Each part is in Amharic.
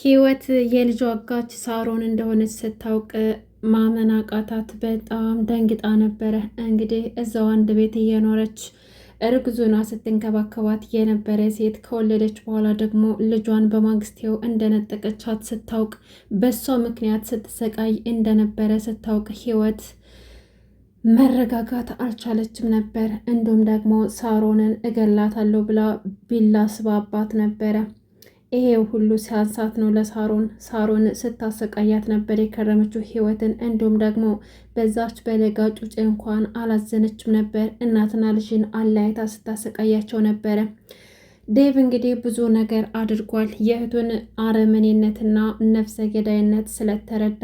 ህይወት የልጇ አጋች ሳሮን እንደሆነች ስታውቅ ማመን አቃታት። በጣም ደንግጣ ነበረ። እንግዲህ እዛው አንድ ቤት እየኖረች እርግዙና ስትንከባከባት የነበረ ሴት ከወለደች በኋላ ደግሞ ልጇን በማግስቴው እንደነጠቀቻት ስታውቅ፣ በሷ ምክንያት ስትሰቃይ እንደነበረ ስታውቅ ህይወት መረጋጋት አልቻለችም ነበር። እንዲሁም ደግሞ ሳሮንን እገላታለሁ ብላ ቢላ ስባባት ነበረ። ይሄ ሁሉ ሲያንሳት ነው ለሳሮን ሳሮን ስታሰቃያት ነበር የከረመችው ህይወትን። እንዲሁም ደግሞ በዛች በለጋ እንኳን አላዘነችም ነበር። እናትና ልጅን አለያይታ ስታሰቃያቸው ነበረ። ዴቭ እንግዲህ ብዙ ነገር አድርጓል። የእህቱን አረመኔነትና ነፍሰ ገዳይነት ስለተረዳ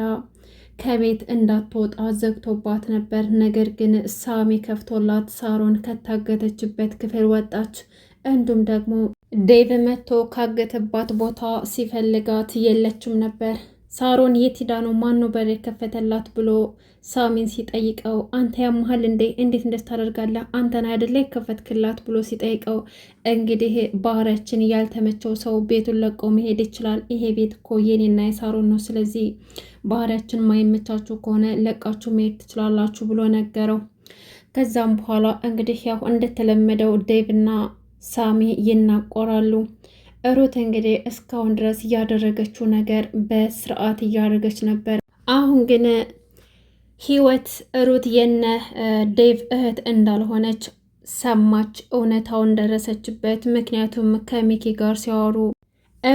ከቤት እንዳትወጣ ዘግቶባት ነበር። ነገር ግን ሳሚ ከፍቶላት ሳሮን ከታገተችበት ክፍል ወጣች። እንዲሁም ደግሞ ዴቭ መጥቶ ካገተባት ቦታ ሲፈልጋት የለችም ነበር። ሳሮን የት ሄዳ ነው? ማን ነው በር የከፈተላት ብሎ ሳሚን ሲጠይቀው አንተ ያመሃል እንዴ? እንዴት እንደስታደርጋለህ? አንተን አይደለ የከፈትክላት ብሎ ሲጠይቀው እንግዲህ ባህሪያችን ያልተመቸው ሰው ቤቱን ለቆ መሄድ ይችላል። ይሄ ቤት እኮ የኔና የሳሮን ነው። ስለዚህ ባህሪያችን ማይመቻችሁ ከሆነ ለቃችሁ መሄድ ትችላላችሁ ብሎ ነገረው። ከዛም በኋላ እንግዲህ ያው እንደተለመደው ዴቭና ሳሚ ይናቆራሉ። ሩት እንግዲህ እስካሁን ድረስ እያደረገችው ነገር በስርዓት እያደረገች ነበር። አሁን ግን ህይወት ሩት የነ ዴቭ እህት እንዳልሆነች ሰማች፣ እውነታውን ደረሰችበት። ምክንያቱም ከሚኪ ጋር ሲያወሩ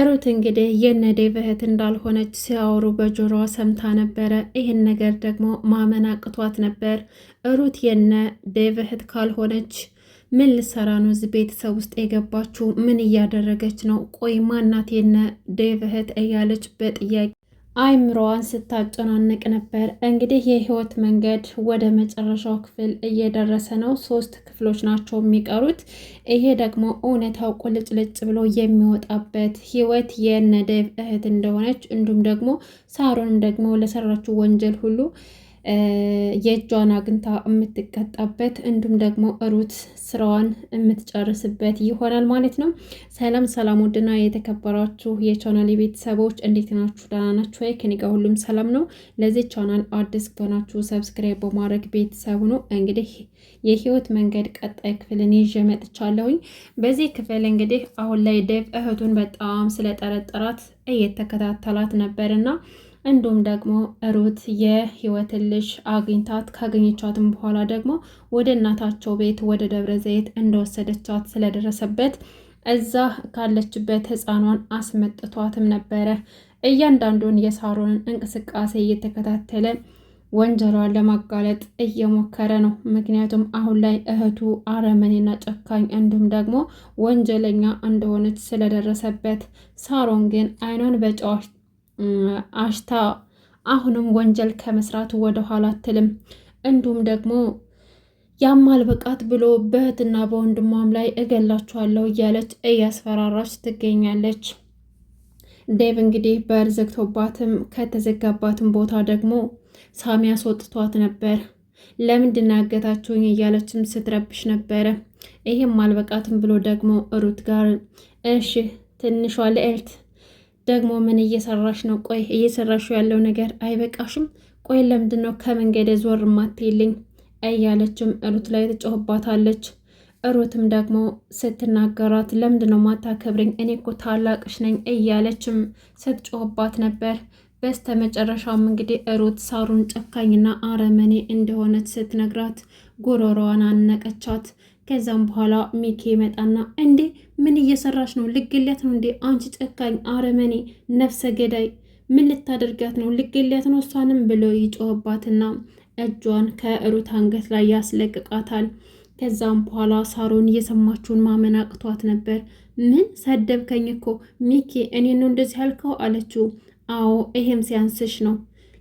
ሩት እንግዲህ የነ ዴቭ እህት እንዳልሆነች ሲያወሩ በጆሮዋ ሰምታ ነበረ። ይህን ነገር ደግሞ ማመን አቅቷት ነበር። ሩት የነ ዴቭ እህት ካልሆነች ምን ልሰራ ነው እዚህ ቤተሰብ ውስጥ የገባችው? ምን እያደረገች ነው? ቆይ ማናት የነ ዴቭ እህት እያለች በጥያቄ አይምሮዋን ስታጨናንቅ ነበር። እንግዲህ የህይወት መንገድ ወደ መጨረሻው ክፍል እየደረሰ ነው። ሶስት ክፍሎች ናቸው የሚቀሩት። ይሄ ደግሞ እውነታው ቁልጭልጭ ብሎ የሚወጣበት ህይወት የነ ዴቭ እህት እንደሆነች እንዲሁም ደግሞ ሳሮንም ደግሞ ለሰራችው ወንጀል ሁሉ የእጇን አግኝታ የምትቀጣበት እንዲሁም ደግሞ ሩት ስራዋን የምትጨርስበት ይሆናል ማለት ነው። ሰላም ሰላም፣ ውድና የተከበራችሁ የቻናል ቤተሰቦች እንዴት ናችሁ? ደህና ናችሁ ወይ? ከኔ ጋር ሁሉም ሰላም ነው። ለዚህ ቻናል አዲስ ከሆናችሁ ሰብስክራይብ በማድረግ ቤተሰቡ ነው። እንግዲህ የህይወት መንገድ ቀጣይ ክፍልን ይዤ መጥቻለሁኝ። በዚህ ክፍል እንግዲህ አሁን ላይ ደብ እህቱን በጣም ስለጠረጠራት እየተከታተላት ነበርና እንዲሁም ደግሞ ሩት የህይወትን ልጅ አግኝታት ካገኘቻትም በኋላ ደግሞ ወደ እናታቸው ቤት ወደ ደብረ ዘይት እንደወሰደቻት ስለደረሰበት እዛ ካለችበት ህፃኗን አስመጥቷትም ነበረ። እያንዳንዱን የሳሮንን እንቅስቃሴ እየተከታተለ ወንጀሏን ለማጋለጥ እየሞከረ ነው። ምክንያቱም አሁን ላይ እህቱ አረመኔና ጨካኝ እንዲሁም ደግሞ ወንጀለኛ እንደሆነች ስለደረሰበት፣ ሳሮን ግን አይኗን በጨዋች አሽታ አሁንም ወንጀል ከመስራት ወደኋላ አትልም። እንዲሁም ደግሞ ያማል በቃት ብሎ በእህትና በወንድሟም ላይ እገላችኋለሁ እያለች እያስፈራራች ትገኛለች። ዴቭ እንግዲህ በር ዘግቶባትም ከተዘጋባትም ቦታ ደግሞ ሳሚ አስወጥቷት ነበር። ለምንድን ያገታችሁኝ እያለችም ስትረብሽ ነበረ። ይህም አልበቃትም ብሎ ደግሞ ሩት ጋር እሺ ትንሿ ልዕልት ደግሞ ምን እየሰራሽ ነው? ቆይ እየሰራሹ ያለው ነገር አይበቃሽም? ቆይ ለምንድን ነው ከመንገደ ዞር ማትይልኝ? እያለችም ሩት ላይ ትጮህባታለች። ሩትም ደግሞ ስትናገራት ለምንድን ነው ማታከብርኝ? እኔ እኮ ታላቅሽ ነኝ እያለችም ስትጮህባት ነበር። በስተ መጨረሻውም እንግዲህ ሩት ሳሩን ጨካኝና አረመኔ እንደሆነች ስትነግራት ጉሮሮዋን አነቀቻት። ከዛም በኋላ ሚኬ ይመጣና እንዴ ምን እየሰራሽ ነው? ልግለት ነው እንዴ? አንቺ ጨካኝ አረመኔ፣ ነፍሰ ገዳይ ምን ልታደርጋት ነው? ልግለት ነው እሷንም ብሎ ይጮህባትና እጇን ከሩት አንገት ላይ ያስለቅቃታል። ከዛም በኋላ ሳሮን እየሰማችውን ማመን አቅቷት ነበር። ምን ሰደብከኝ እኮ ሚኬ እኔ ነው እንደዚህ ያልከው አለችው። አዎ ይሄም ሲያንስሽ ነው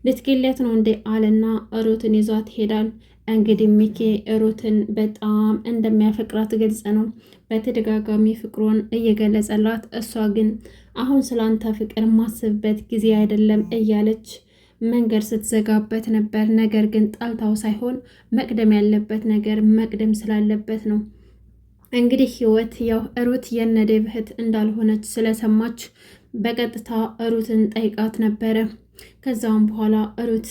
ልትግለት ነው እንዴ አለና ሩትን ይዟት ይሄዳል። እንግዲህ ሚኬ ሩትን በጣም እንደሚያፈቅራት ግልጽ ነው። በተደጋጋሚ ፍቅሩን እየገለጸላት፣ እሷ ግን አሁን ስላንተ ፍቅር ማስብበት ጊዜ አይደለም እያለች መንገድ ስትዘጋበት ነበር። ነገር ግን ጣልታው ሳይሆን መቅደም ያለበት ነገር መቅደም ስላለበት ነው። እንግዲህ ህይወት ያው ሩት የነዴብ እህት እንዳልሆነች ስለሰማች በቀጥታ ሩትን ጠይቃት ነበረ። ከዛም በኋላ ሩት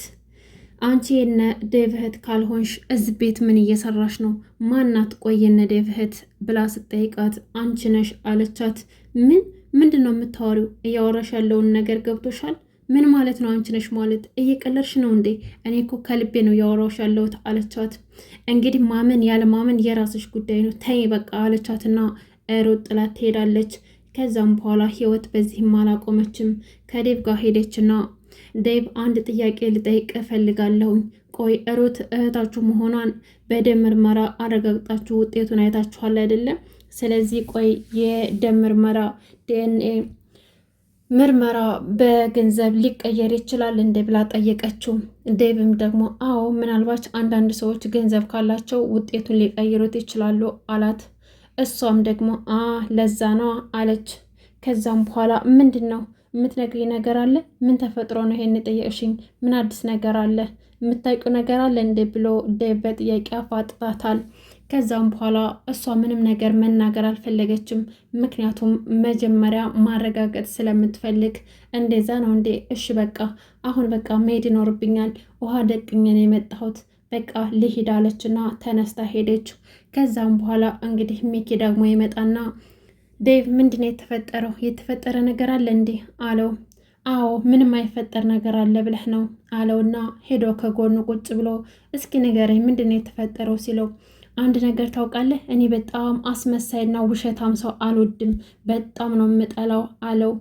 አንቺ የነ ዴቭ እህት ካልሆንሽ እዚህ ቤት ምን እየሰራሽ ነው? ማናት? ቆይ የነ ዴቭ እህት ብላ ስጠይቃት አንቺ ነሽ አለቻት። ምን ምንድን ነው የምታወሪው? እያወራሽ ያለውን ነገር ገብቶሻል? ምን ማለት ነው? አንቺ ነሽ ማለት እየቀለርሽ ነው እንዴ? እኔ እኮ ከልቤ ነው እያወራሽ ያለሁት አለቻት። እንግዲህ ማመን ያለ ማመን የራስሽ ጉዳይ ነው፣ ተይ በቃ አለቻትና ሮጥ ጥላት ትሄዳለች። ከዛም በኋላ ህይወት በዚህም አላቆመችም። ከዴቭ ጋር ሄደችና ዴቭ አንድ ጥያቄ ልጠይቅ እፈልጋለሁ። ቆይ ሩት እህታችሁ መሆኗን በደም ምርመራ አረጋግጣችሁ ውጤቱን አይታችኋል አይደለም? ስለዚህ ቆይ የደም ምርመራ ዲኤንኤ ምርመራ በገንዘብ ሊቀየር ይችላል እንደ ብላ ጠየቀችው። ዴቭም ደግሞ አዎ፣ ምናልባት አንዳንድ ሰዎች ገንዘብ ካላቸው ውጤቱን ሊቀይሩት ይችላሉ አላት። እሷም ደግሞ አ ለዛ ነዋ አለች። ከዛም በኋላ ምንድን ነው የምትነግሪኝ ነገር አለ? ምን ተፈጥሮ ነው ይሄን የጠየቅሽኝ? ምን አዲስ ነገር አለ? የምታውቂው ነገር አለ እንዴ? ብሎ ዴቭ በጥያቄ አፋጥጣታል። ከዛም በኋላ እሷ ምንም ነገር መናገር አልፈለገችም። ምክንያቱም መጀመሪያ ማረጋገጥ ስለምትፈልግ እንደዛ ነው እንዴ? እሺ በቃ አሁን በቃ መሄድ ይኖርብኛል። ውሃ ደቅኝን የመጣሁት በቃ ልሂድ አለችና ተነስታ ሄደች። ከዛም በኋላ እንግዲህ ሚኪ ደግሞ ይመጣና ዴቭ ምንድነው የተፈጠረው? የተፈጠረ ነገር አለ እንዴ አለው። አዎ ምንም አይፈጠር ነገር አለ ብለህ ነው አለውና ሄዶ ከጎኑ ቁጭ ብሎ እስኪ ንገረኝ ምንድነው የተፈጠረው ሲለው አንድ ነገር ታውቃለህ፣ እኔ በጣም አስመሳይና ውሸታም ሰው አልወድም፣ በጣም ነው የምጠላው አለው።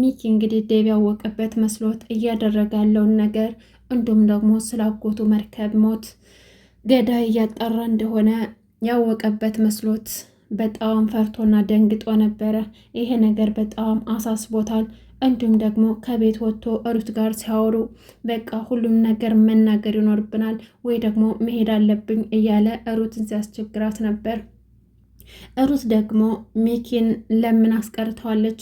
ሚኪ እንግዲህ ዴቭ ያወቀበት መስሎት እያደረገ ያለውን ነገር እንዲሁም ደግሞ ስላጎቱ መርከብ ሞት ገዳይ እያጣራ እንደሆነ ያወቀበት መስሎት በጣም ፈርቶና ደንግጦ ነበረ። ይሄ ነገር በጣም አሳስቦታል። እንዲሁም ደግሞ ከቤት ወጥቶ እሩት ጋር ሲያወሩ በቃ ሁሉም ነገር መናገር ይኖርብናል ወይ ደግሞ መሄድ አለብኝ እያለ እሩትን ሲያስቸግራት ነበር። እሩት ደግሞ ሚኪን ለምን አስቀርተዋለች?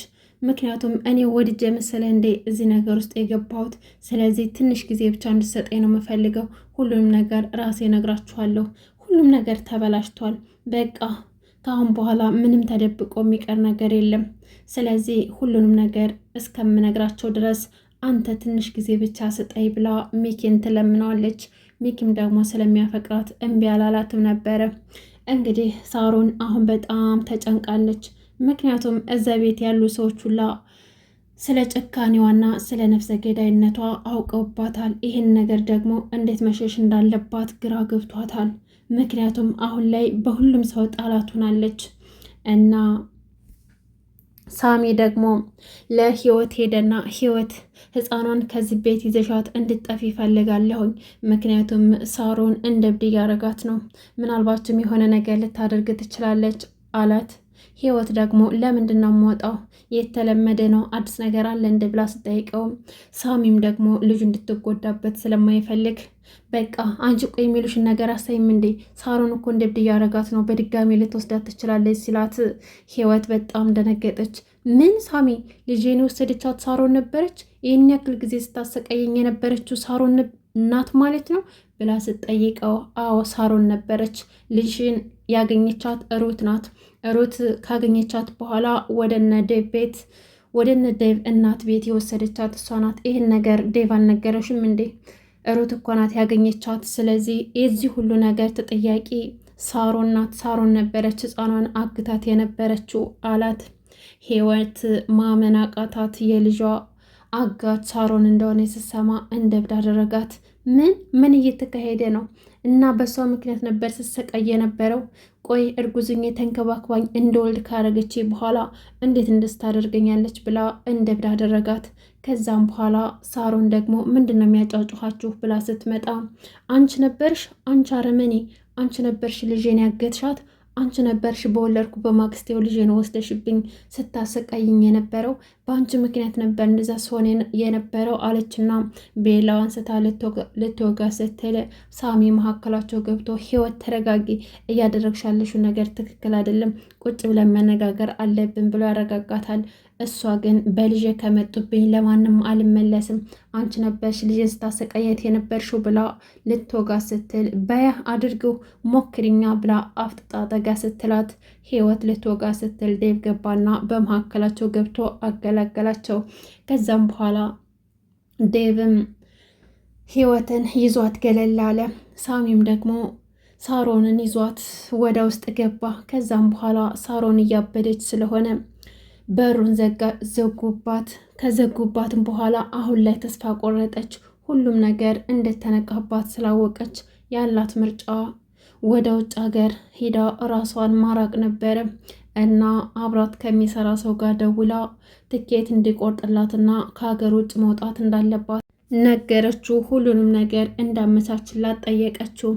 ምክንያቱም እኔ ወድጄ መሰለ እንዴ እዚህ ነገር ውስጥ የገባሁት? ስለዚህ ትንሽ ጊዜ ብቻ እንድሰጠኝ ነው የምፈልገው። ሁሉንም ነገር ራሴ ነግራችኋለሁ። ሁሉም ነገር ተበላሽቷል። በቃ ከአሁን በኋላ ምንም ተደብቆ የሚቀር ነገር የለም። ስለዚህ ሁሉንም ነገር እስከምነግራቸው ድረስ አንተ ትንሽ ጊዜ ብቻ ስጠይ ብላ ሚኪን ትለምነዋለች። ሚኪም ደግሞ ስለሚያፈቅራት እምቢ አላላትም ነበረ። እንግዲህ ሳሮን አሁን በጣም ተጨንቃለች። ምክንያቱም እዛ ቤት ያሉ ሰዎች ሁላ ስለ ጭካኔዋና ስለ ነፍሰ ገዳይነቷ አውቀውባታል። ይህን ነገር ደግሞ እንዴት መሸሽ እንዳለባት ግራ ገብቷታል። ምክንያቱም አሁን ላይ በሁሉም ሰው ጠላት ሆናለች እና ሳሚ ደግሞ ለህይወት ሄደና ህይወት ህፃኗን ከዚህ ቤት ይዘሻት እንድጠፊ ይፈልጋለሁኝ። ምክንያቱም ሳሮን እንደ እብድ ነው፣ ምናልባትም የሆነ ነገር ልታደርግ ትችላለች አላት። ህይወት ደግሞ ለምንድን ነው የምወጣው? የተለመደ ነው አዲስ ነገር አለ እንደ ብላ ስጠይቀው፣ ሳሚም ደግሞ ልጁ እንድትጎዳበት ስለማይፈልግ በቃ አንቺ ቆ የሚሉሽን ነገር አሳይም እንዴ ሳሮን እኮ እንደ እብድ እያረጋት ነው፣ በድጋሚ ልትወስዳት ትችላለች ሲላት ህይወት በጣም ደነገጠች። ምን ሳሚ ልጄን የወሰደቻት ሳሮን ነበረች? ይህን ያክል ጊዜ ስታሰቃየኝ የነበረችው ሳሮን ናት ማለት ነው ብላ ስትጠይቀው አዎ ሳሮን ነበረች፣ ልጅሽን ያገኘቻት ሩት ናት። ሩት ካገኘቻት በኋላ ወደነ ዴቭ ቤት ወደነ ዴቭ እናት ቤት የወሰደቻት እሷ ናት። ይህን ነገር ዴቭ አልነገረሽም እንዴ? ሩት እኮ ናት ያገኘቻት። ስለዚህ የዚህ ሁሉ ነገር ተጠያቂ ሳሮን ናት። ሳሮን ነበረች ህፃኗን አግታት የነበረችው አላት። ሄወት ማመን አቃታት። የልጇ አጋች ሳሮን እንደሆነ ስትሰማ እንደ እብድ አደረጋት። ምን ምን እየተካሄደ ነው? እና በሷ ምክንያት ነበር ስሰቃይ የነበረው። ቆይ እርጉዝኝ ተንከባክባኝ እንደወልድ ካረገቼ በኋላ እንዴት እንደስታደርገኛለች ብላ እንደ አደረጋት። ከዛም በኋላ ሳሮን ደግሞ ምንድን ነው የሚያጫጩኋችሁ ብላ ስትመጣ አንቺ ነበርሽ፣ አንቺ አረመኔ፣ አንቺ ነበርሽ ልጄን ያገትሻት አንቺ ነበርሽ በወለድኩ በማግስቴው ልጄን ወስደሽብኝ ስታሰቃይኝ የነበረው በአንቺ ምክንያት ነበር እንደዛ ሲሆን የነበረው አለችና ቤላ አንስታ ልትወጋ ስትል ሳሚ መካከላቸው ገብቶ ህይወት ተረጋጊ፣ እያደረግሻለሹ ነገር ትክክል አይደለም፣ ቁጭ ብለን መነጋገር አለብን ብሎ ያረጋጋታል። እሷ ግን በልጄ ከመጡብኝ ለማንም አልመለስም፣ አንቺ ነበርሽ ልጄን ስታሰቃየት የነበርሽው ብላ ልትወጋ ስትል በያ አድርገው ሞክሪኛ ብላ አፍጥጣ ጠጋ ስትላት ህይወት ልትወጋ ስትል ዴቭ ገባና በመካከላቸው ገብቶ አገላ ገላገላቸው። ከዛም በኋላ ዴቭም ህይወትን ይዟት ገለል አለ። ሳሚም ደግሞ ሳሮንን ይዟት ወደ ውስጥ ገባ። ከዛም በኋላ ሳሮን እያበደች ስለሆነ በሩን ዘጉባት። ከዘጉባትም በኋላ አሁን ላይ ተስፋ ቆረጠች። ሁሉም ነገር እንደተነቃባት ስላወቀች ያላት ምርጫ ወደ ውጭ ሀገር ሂዳ ራሷን ማራቅ ነበረ። እና አብራት ከሚሰራ ሰው ጋር ደውላ ትኬት እንዲቆርጥላትና ከሀገር ውጭ መውጣት እንዳለባት ነገረችው። ሁሉንም ነገር እንዳመቻችላት ጠየቀችው።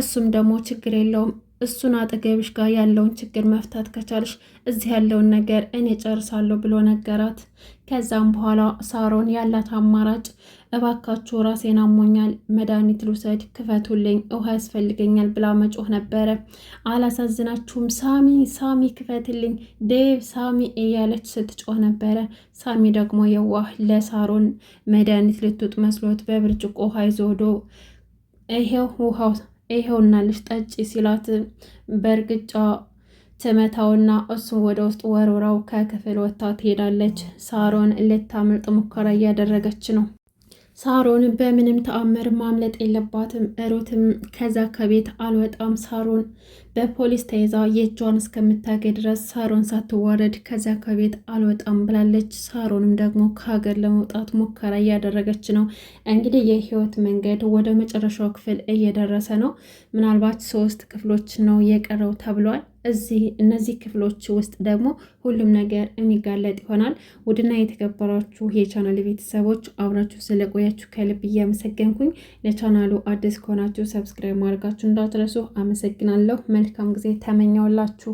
እሱም ደግሞ ችግር የለውም እሱን አጠገብሽ ጋር ያለውን ችግር መፍታት ከቻልሽ እዚህ ያለውን ነገር እኔ ጨርሳለሁ ብሎ ነገራት። ከዛም በኋላ ሳሮን ያላት አማራጭ እባካችሁ ራሴን አሞኛል፣ መድኃኒት ልውሰድ፣ ክፈቱልኝ፣ ውሃ ያስፈልገኛል ብላ መጮህ ነበረ። አላሳዝናችሁም፣ ሳሚ ሳሚ ክፈትልኝ፣ ዴቭ ሳሚ እያለች ስትጮህ ነበረ። ሳሚ ደግሞ የዋህ ለሳሮን መድኃኒት ልትውጥ መስሎት በብርጭቆ ውሃ ይዞ ዶ ይሄው ውሃው ይሄውና ልሽ ጠጪ ሲላት በእርግጫ ትመታውና እሱን ወደ ውስጥ ወርውራው ከክፍል ወጥታ ትሄዳለች። ሳሮን ልታመልጥ ሙከራ እያደረገች ነው። ሳሮን በምንም ተአምር ማምለጥ የለባትም። ሩትም ከዛ ከቤት አልወጣም ሳሮን በፖሊስ ተይዛ የእጇን እስከምታገኝ ድረስ ሳሮን ሳትዋረድ ከዚያ ከቤት አልወጣም ብላለች። ሳሮንም ደግሞ ከሀገር ለመውጣት ሙከራ እያደረገች ነው። እንግዲህ የህይወት መንገድ ወደ መጨረሻው ክፍል እየደረሰ ነው። ምናልባት ሶስት ክፍሎች ነው የቀረው ተብሏል። እዚህ እነዚህ ክፍሎች ውስጥ ደግሞ ሁሉም ነገር የሚጋለጥ ይሆናል። ውድና የተከበራችሁ የቻናል ቤተሰቦች አብራችሁ ስለቆያችሁ ከልብ እያመሰገንኩኝ፣ ለቻናሉ አዲስ ከሆናችሁ ሰብስክራይብ ማድረጋችሁ እንዳትረሱ አመሰግናለሁ። መልካም ጊዜ ተመኘውላችሁ።